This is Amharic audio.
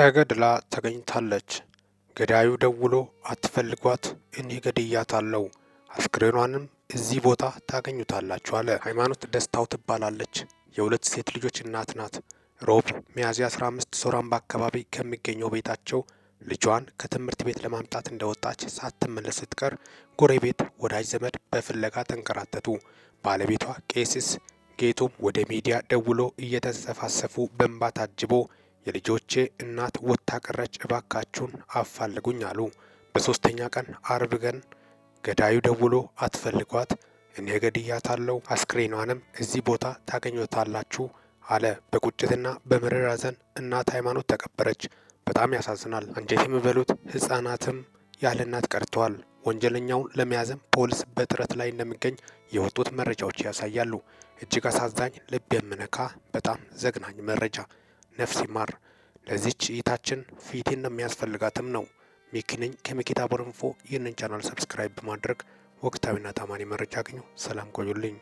ተገድላ ተገኝታለች። ገዳዩ ደውሎ አትፈልጓት፣ እኔ ገድያታለሁ፣ አስክሬኗንም እዚህ ቦታ ታገኙታላችሁ አለ። ሃይማኖት ደስታው ትባላለች። የሁለት ሴት ልጆች እናት ናት። ሮብ ሚያዝያ 15 ሶራምባ አካባቢ ከሚገኘው ቤታቸው ልጇን ከትምህርት ቤት ለማምጣት እንደወጣች ሳትመለስ ስትቀር ጎረቤት፣ ወዳጅ ዘመድ በፍለጋ ተንከራተቱ። ባለቤቷ ቄሲስ ጌቱም ወደ ሚዲያ ደውሎ እየተንሰፋሰፉ በእንባ ታጅቦ የልጆቼ እናት ወታ ቀረች፣ እባካችሁን አፋልጉኝ አሉ። በሶስተኛ ቀን አርብ ቀን ገዳዩ ደውሎ አትፈልጓት፣ እኔ ገድያታለሁ፣ አስክሬኗንም እዚህ ቦታ ታገኙታላችሁ አለ። በቁጭትና በምርር ሐዘን እናት ሃይማኖት ተቀበረች። በጣም ያሳዝናል። አንጀት የሚበሉት ህጻናትም ያለ እናት ቀርተዋል። ወንጀለኛውን ለመያዝም ፖሊስ በጥረት ላይ እንደሚገኝ የወጡት መረጃዎች ያሳያሉ። እጅግ አሳዛኝ፣ ልብ የምነካ በጣም ዘግናኝ መረጃ ነፍስ ይማር። ለዚች እይታችን ፊት እንደሚያስፈልጋትም ነው። ሚኪ ነኝ ከሚኪታ ቦረንፎ። ይህንን ቻናል ሰብስክራይብ በማድረግ ወቅታዊና ታማኒ መረጃ አግኙ። ሰላም ቆዩልኝ።